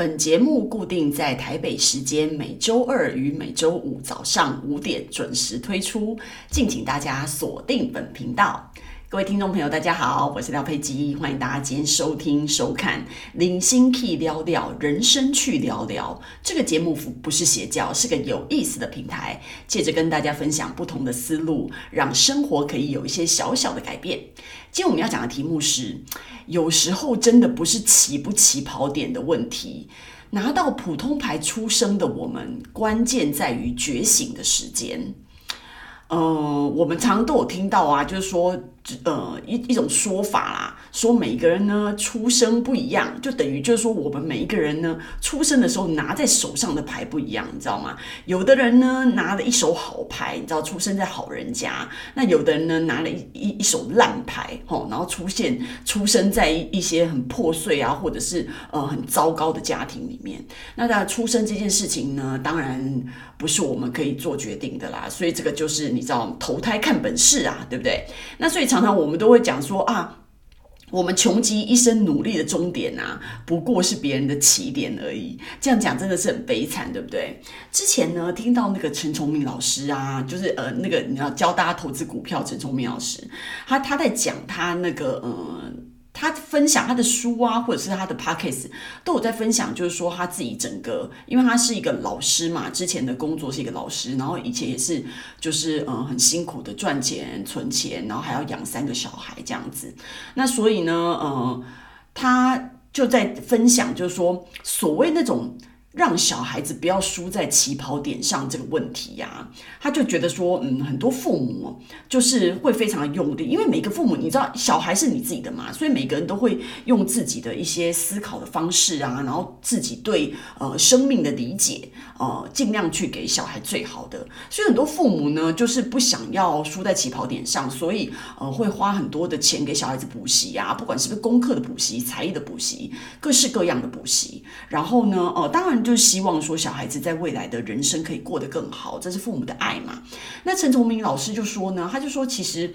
本節目固定在台北時間每周二與每周五早上五點準時推出，敬請大家鎖定本頻道。各位聽眾朋友，大家好，我是廖佩吉。歡迎大家今天收聽、收看《零星 K 聊聊人生去聊聊》這個節目不是邪教，是個有意思的平台，借着跟大家分享不同的思路，讓生活可以有一些小小的改變。今天我們要講的題目是：有時候真的不是起不起跑點的問題，拿到普通牌出生的我們，關鍵在於覺醒的時間。嗯、呃，我們常常都有聽到啊，就是說。呃，一一種說法啦，說每一個人呢出生不一樣，就等於就是說我們每一個人呢出生的時候拿在手上的牌不一樣，你知道嗎？有的人呢拿了一手好牌，你知道出生在好人家，那有的人呢拿了一一一手爛牌，哦，然後出現出生在一一些很破碎啊，或者是呃很糟糕的家庭裡面。那他出生這件事情呢，當然不是我們可以做決定的啦，所以這個就是你知道投胎看本事啊，對不對？那所以常。那我們都會講說啊，我們窮極一生努力的終點啊，不過是別人的起點而已。這樣講真的是很悲慘，對不對？之前呢，聽到那個陳崇明老師啊，就是呃那個你要教大家投資股票，陳崇明老師，他他在講他那個嗯。呃他分享他的書啊，或者是他的 podcast，都有在分享，就是說他自己整個，因為他是一個老師嘛，之前的工作是一個老師，然後以前也是，就是嗯很辛苦的賺錢存錢，然後還要養三個小孩這樣子。那所以呢，嗯，他就在分享，就是說所謂那種。讓小孩子不要輸在起跑點上這個問題呀、啊，他就覺得說，嗯，很多父母就是會非常用力，因為每個父母你知道，小孩是你自己的嘛，所以每個人都會用自己的一些思考的方式啊，然後自己對呃生命的理解。呃，盡量去給小孩最好的，所以很多父母呢，就是不想要輸在起跑點上，所以呃，會花很多的錢給小孩子補習啊，不管是不是功課的補習、才藝的補習、各式各樣的補習，然後呢，呃，當然就是希望說小孩子在未來的人生可以過得更好，這是父母的愛嘛。那陳崇明老師就說呢，他就說其實。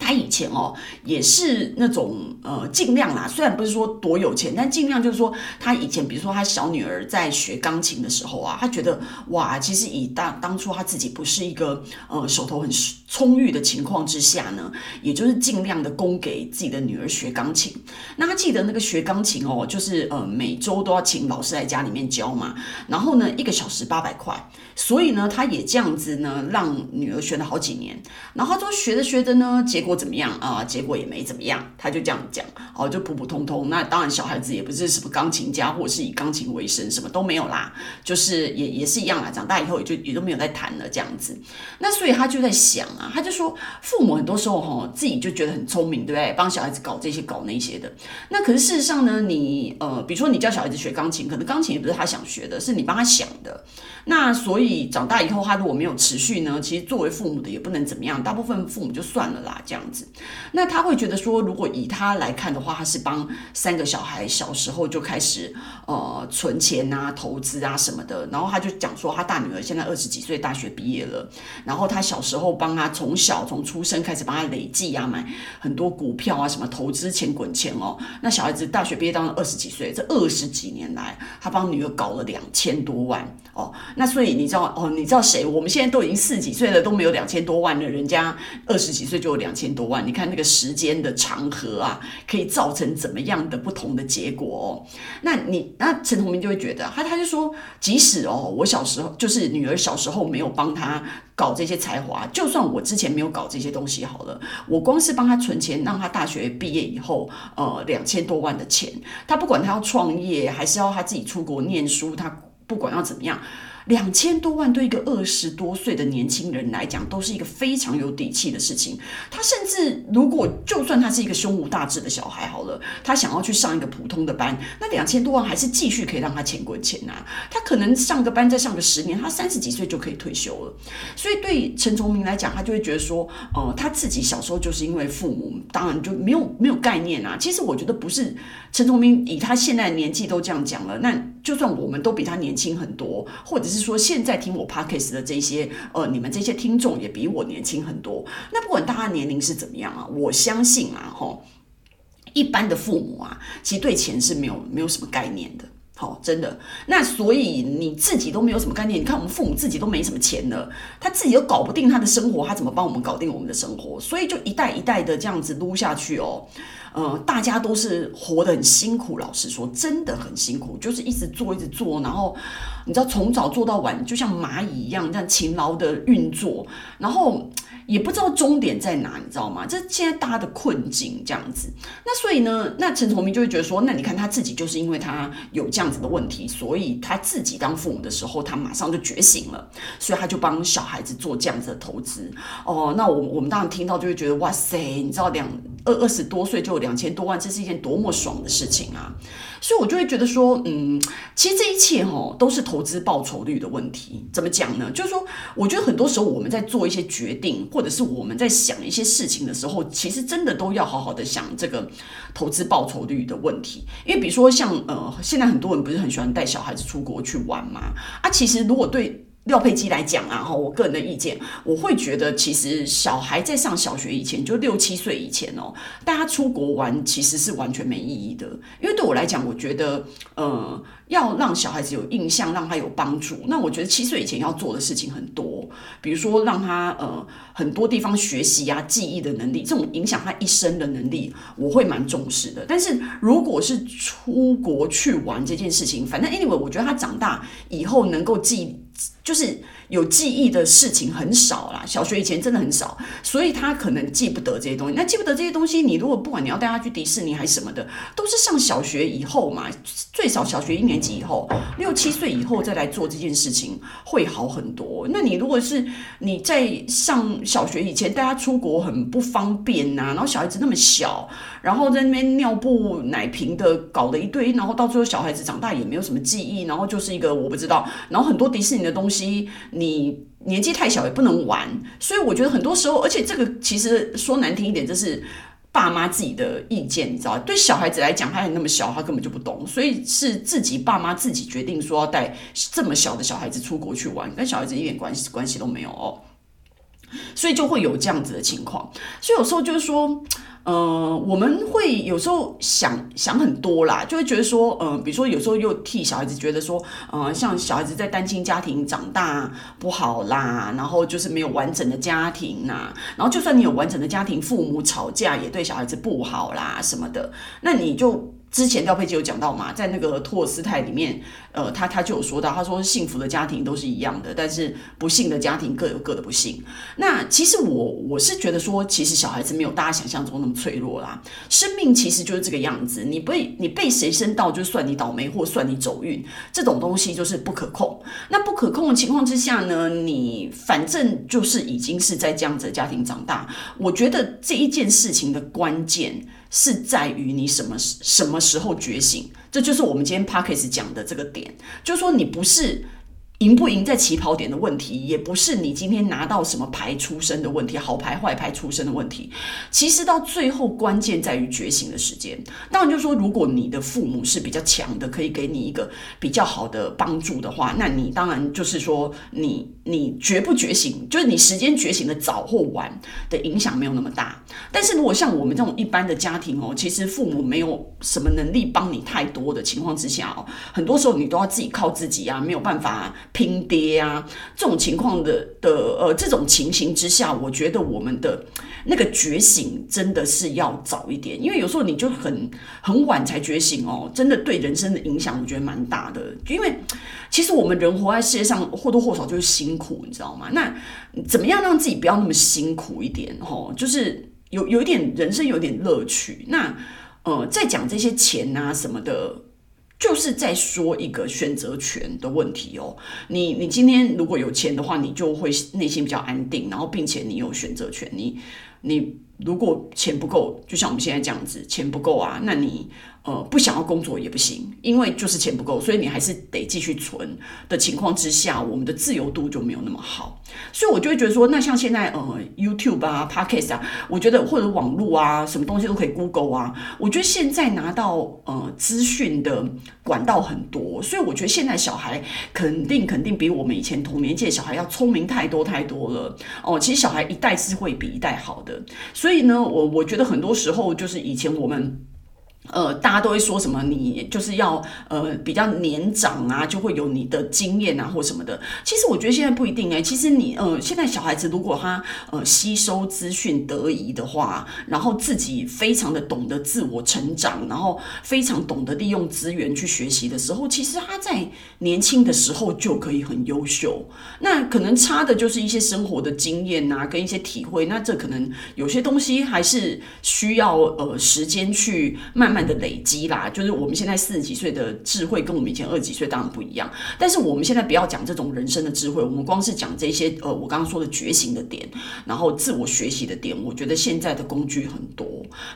他以前哦，也是那種呃，盡量啦，雖然不是說多有錢，但盡量就是說他以前，比如說他小女兒在學鋼琴的時候啊，他覺得哇，其實以當當初他自己不是一個呃，手頭很充裕的情況之下呢，也就是盡量的供給自己的女兒學鋼琴。那他記得那個學鋼琴哦，就是呃，每周都要請老師在家裡面教嘛，然後呢，一個小時八百塊，所以呢，他也這樣子呢讓女兒學了好幾年，然後說學着學着呢，結果。怎麼樣啊？結果也沒怎麼樣，他就這樣講，哦，就普普通通。那當然，小孩子也不是什麼鋼琴家，或者是以鋼琴為生，什麼都沒有啦。就是也也是一樣啦，長大以後也就也都沒有再彈了這樣子。那所以他就在想啊，他就說，父母很多時候哈、哦，自己就覺得很聰明，對不對？幫小孩子搞這些搞那些的。那可是事實上呢，你呃，比如說你教小孩子學鋼琴，可能鋼琴也不是他想學的，是你幫他想的。那所以長大以後他如果沒有持續呢，其實作為父母的也不能怎麼樣，大部分父母就算了啦，這樣樣子，那他會覺得說，如果以他來看的話，他是幫三個小孩小時候就開始呃存錢啊、投資啊什麼的。然後他就講說，他大女兒現在二十幾歲，大學畢業了。然後他小時候幫他從小從出生開始幫他累計啊，買很多股票啊，什麼投資錢滾錢哦。那小孩子大學畢業當了二十幾歲，這二十幾年來，他幫女兒搞了兩千多萬哦。那所以你知道哦，你知道誰？我們現在都已經四十幾歲了，都沒有兩千多萬了，人家二十幾歲就有兩千。多萬，你看那個時間的長河啊，可以造成怎麼樣的不同的結果哦？那你，那陳同明就會覺得，他他就說，即使哦，我小時候就是女兒小時候沒有幫他搞這些才華，就算我之前沒有搞這些東西好了，我光是幫他存錢，讓他大學畢業以後，呃，兩千多萬的錢，他不管他要創業，還是要他自己出國念書，他不管要怎麼樣。兩千多萬對一個二十多歲的年輕人來講，都是一個非常有底氣的事情。他甚至如果就算他是一個胸無大志的小孩好了，他想要去上一個普通的班，那兩千多萬還是繼續可以讓他錢滾錢啊。他可能上個班再上個十年，他三十幾歲就可以退休了。所以對陳崇明來講，他就會覺得說，呃，他自己小時候就是因為父母，當然就沒有沒有概念啊。其實我覺得不是陳崇明以他現在的年紀都這樣講了，那。就算我們都比他年輕很多，或者是說現在聽我 Podcast 的這些呃，你們這些聽眾也比我年輕很多。那不管大家年齡是怎麼樣啊，我相信啊，哈、哦，一般的父母啊，其實對錢是沒有沒有什麼概念的。好、哦，真的。那所以你自己都沒有什麼概念，你看我們父母自己都沒什麼錢了，他自己都搞不定他的生活，他怎麼幫我們搞定我們的生活？所以就一代一代的這樣子擼下去哦。呃，大家都是活得很辛苦，老實說，真的很辛苦，就是一直做，一直做，然後你知道從早做到晚，就像螞蟻一樣，這樣勤勞的運作，然後也不知道終點在哪，你知道嗎？這是現在大家的困境這樣子。那所以呢，那陳崇明就會覺得說，那你看他自己就是因為他有這樣子的問題，所以他自己當父母的時候，他馬上就覺醒了，所以他就幫小孩子做這樣子的投資。哦、呃，那我我們當然聽到就會覺得哇塞，你知道兩二二十多歲就。兩千多萬，這是一件多麼爽的事情啊！所以，我就會覺得說，嗯，其實這一切齁，都是投資報酬率的問題。怎麼講呢？就是說，我覺得很多時候我們在做一些決定，或者是我們在想一些事情的時候，其實真的都要好好的想這個投資報酬率的問題。因為，比如說像呃，現在很多人不是很喜歡帶小孩子出國去玩嘛？啊，其實如果對廖佩基來講啊，哈，我個人的意見，我會覺得其實小孩在上小學以前，就六七歲以前哦，帶他出國玩其實是完全沒意義的。因為對我來講，我覺得，呃，要讓小孩子有印象，讓他有幫助，那我覺得七歲以前要做的事情很多，比如說讓他呃很多地方學習呀、啊、記憶的能力，這種影響他一生的能力，我會蠻重視的。但是如果是出國去玩這件事情，反正 anyway，我覺得他長大以後能夠記。就是。有記憶的事情很少啦，小學以前真的很少，所以他可能記不得這些東西。那記不得這些東西，你如果不管你要帶他去迪士尼還是什麼的，都是上小學以後嘛，最少小學一年級以後，六七歲以後再來做這件事情會好很多。那你如果是你在上小學以前帶他出國很不方便吶、啊，然後小孩子那麼小，然後在那邊尿布、奶瓶的搞了一堆，然後到最後小孩子長大也沒有什麼記憶，然後就是一個我不知道，然後很多迪士尼的東西。你年紀太小也不能玩，所以我覺得很多時候，而且這個其實說難聽一點，就是爸媽自己的意見，你知道？對小孩子來講，他還那麼小，他根本就不懂，所以是自己爸媽自己決定說要帶這麼小的小孩子出國去玩，跟小孩子一點關係關係都沒有哦，所以就會有這樣子的情況。所以有時候就是說。呃，我們會有時候想想很多啦，就會覺得說，嗯、呃，比如說有時候又替小孩子覺得說，嗯、呃，像小孩子在單親家庭長大不好啦，然後就是沒有完整的家庭吶，然後就算你有完整的家庭，父母吵架也對小孩子不好啦什麼的，那你就。之前廖佩琪有講到嘛，在那個托爾斯泰裡面，呃，他他就有說到，他說幸福的家庭都是一樣的，但是不幸的家庭各有各的不幸。那其實我我是覺得說，其實小孩子沒有大家想象中那麼脆弱啦。生命其實就是這個樣子，你被你被誰生到，就算你倒霉，或算你走運，這種東西就是不可控。那不可控的情況之下呢，你反正就是已經是在這樣子的家庭長大。我覺得這一件事情的關鍵是在於你什麼什麼時候覺醒，這就是我們今天 Podcast 講的這個點，就是說你不是，贏不贏在起跑點的問題，也不是你今天拿到什麼牌出生的問題，好牌壞牌出生的問題。其實到最後，關鍵在於覺醒的時間。當然，就是說，如果你的父母是比較強的，可以給你一個比較好的幫助的話，那你當然就是說，你你覺不覺醒，就是你時間覺醒的早或晚的影響沒有那麼大。但是如果像我們這種一般的家庭哦，其實父母沒有什麼能力幫你太多的情況之下哦，很多時候你都要自己靠自己啊，沒有辦法啊。拼爹啊，這種情況的的呃，這種情形之下，我覺得我們的那個覺醒真的是要早一點，因為有時候你就很很晚才覺醒哦，真的對人生的影響，我覺得蠻大的。因為其實我們人活在世界上或多或少就是辛苦，你知道嗎？那怎麼樣讓自己不要那麼辛苦一點？吼，就是有有一點人生有點樂趣。那呃，再講這些錢啊什麼的。就是在說一個選擇權的問題哦，你。你你今天如果有錢的話，你就會內心比較安定，然後並且你有選擇權。你你如果錢不夠，就像我們現在這樣子，錢不夠啊，那你。呃，不想要工作也不行，因為就是錢不夠，所以你還是得繼續存的情況之下，我們的自由度就沒有那麼好。所以我就會覺得說，那像現在呃，YouTube 啊，Podcast 啊，我覺得或者網絡啊，什麼東西都可以 Google 啊。我覺得現在拿到呃資訊的管道很多，所以我覺得現在小孩肯定肯定比我們以前同年紀小孩要聰明太多太多了。哦、呃，其實小孩一代是會比一代好的。所以呢，我我覺得很多時候就是以前我們。呃，大家都會說什麼？你就是要呃比較年長啊，就會有你的經驗啊，或什麼的。其實我覺得現在不一定哎、欸。其實你呃，現在小孩子如果他呃吸收資訊得宜的話，然後自己非常的懂得自我成長，然後非常懂得利用資源去學習的時候，其實他在年輕的時候就可以很優秀。那可能差的就是一些生活的經驗啊，跟一些體會。那這可能有些東西還是需要呃時間去慢慢。的累積啦，就是我們現在四十幾歲的智慧跟我們以前二十幾歲當然不一樣，但是我們現在不要講這種人生的智慧，我們光是講這些呃，我剛剛說的覺醒的點，然後自我學習的點，我覺得現在的工具很多，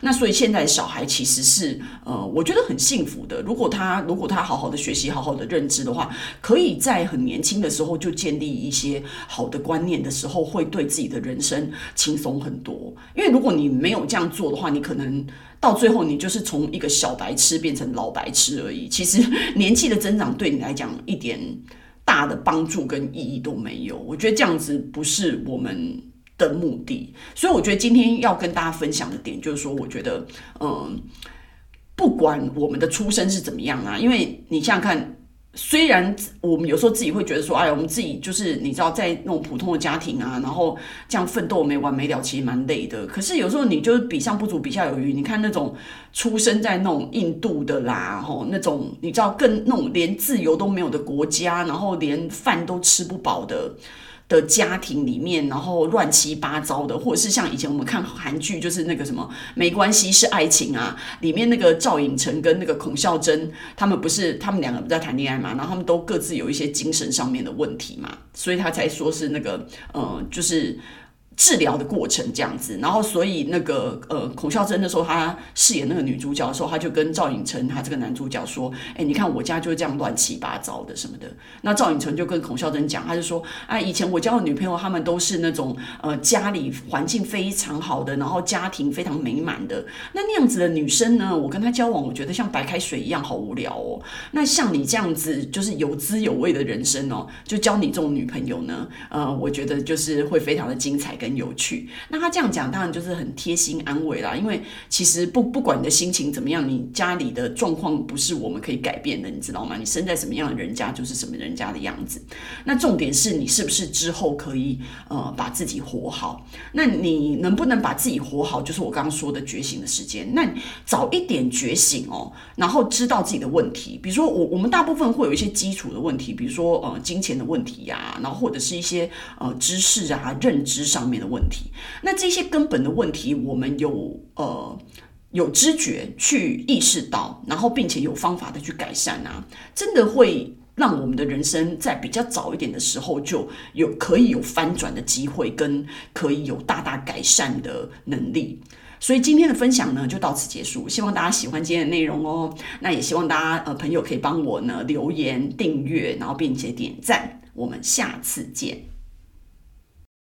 那所以現在小孩其實是呃，我覺得很幸福的。如果他如果他好好的學習，好好的認知的話，可以在很年輕的時候就建立一些好的觀念的時候，會對自己的人生輕鬆很多。因為如果你沒有這樣做的話，你可能。到最後，你就是從一個小白痴變成老白痴而已。其實年紀的增長對你來講一點大的幫助跟意義都沒有。我覺得這樣子不是我們的目的。所以我覺得今天要跟大家分享的點就是說，我覺得，嗯，不管我們的出生是怎麼樣啊，因為你想想看。雖然我們有時候自己會覺得說，哎呀，我們自己就是你知道，在那種普通的家庭啊，然後這樣奮鬥沒完沒了，其實蠻累的。可是有時候你就是比上不足，比下有餘。你看那種出生在那種印度的啦，吼、哦，那種你知道更那種連自由都沒有的國家，然後連飯都吃不飽的。的家庭裡面，然後亂七八糟的，或者是像以前我們看韓劇，就是那個什麼，沒關係是愛情啊，裡面那個趙寅成跟那個孔孝真，他們不是，他們兩個不在談戀愛嘛，然後他們都各自有一些精神上面的問題嘛，所以他才說是那個，嗯、呃，就是。治療的過程這樣子，然後所以那個呃，孔孝真那時候她飾演那個女主角的時候，她就跟趙寅成她這個男主角說：“哎、欸，你看我家就是這樣亂七八糟的什麼的。”那趙寅成就跟孔孝真講，他就說：“哎、啊，以前我交的女朋友，他們都是那種呃家裡環境非常好的，然後家庭非常美滿的。那那樣子的女生呢，我跟她交往，我覺得像白開水一樣，好無聊哦。那像你這樣子，就是有滋有味的人生哦，就交你這種女朋友呢，呃，我覺得就是會非常的精彩。”很有趣，那他這樣講當然就是很貼心安慰啦。因為其實不不管你的心情怎麼樣，你家裡的狀況不是我們可以改變的，你知道嗎？你生在什麼樣的人家就是什麼人家的樣子。那重點是你是不是之後可以呃把自己活好？那你能不能把自己活好，就是我剛剛說的覺醒的時間。那早一點覺醒哦，然後知道自己的問題。比如說我我們大部分會有一些基礎的問題，比如說呃金錢的問題呀、啊，然後或者是一些呃知識啊認知上面。的問題，那這些根本的問題，我們有呃有知覺去意識到，然後並且有方法的去改善啊，真的會讓我們的人生在比較早一點的時候就有可以有翻轉的機會，跟可以有大大改善的能力。所以今天的分享呢，就到此結束，希望大家喜歡今天的內容哦。那也希望大家呃朋友可以幫我呢留言、訂閱，然後並且點讚。我們下次見。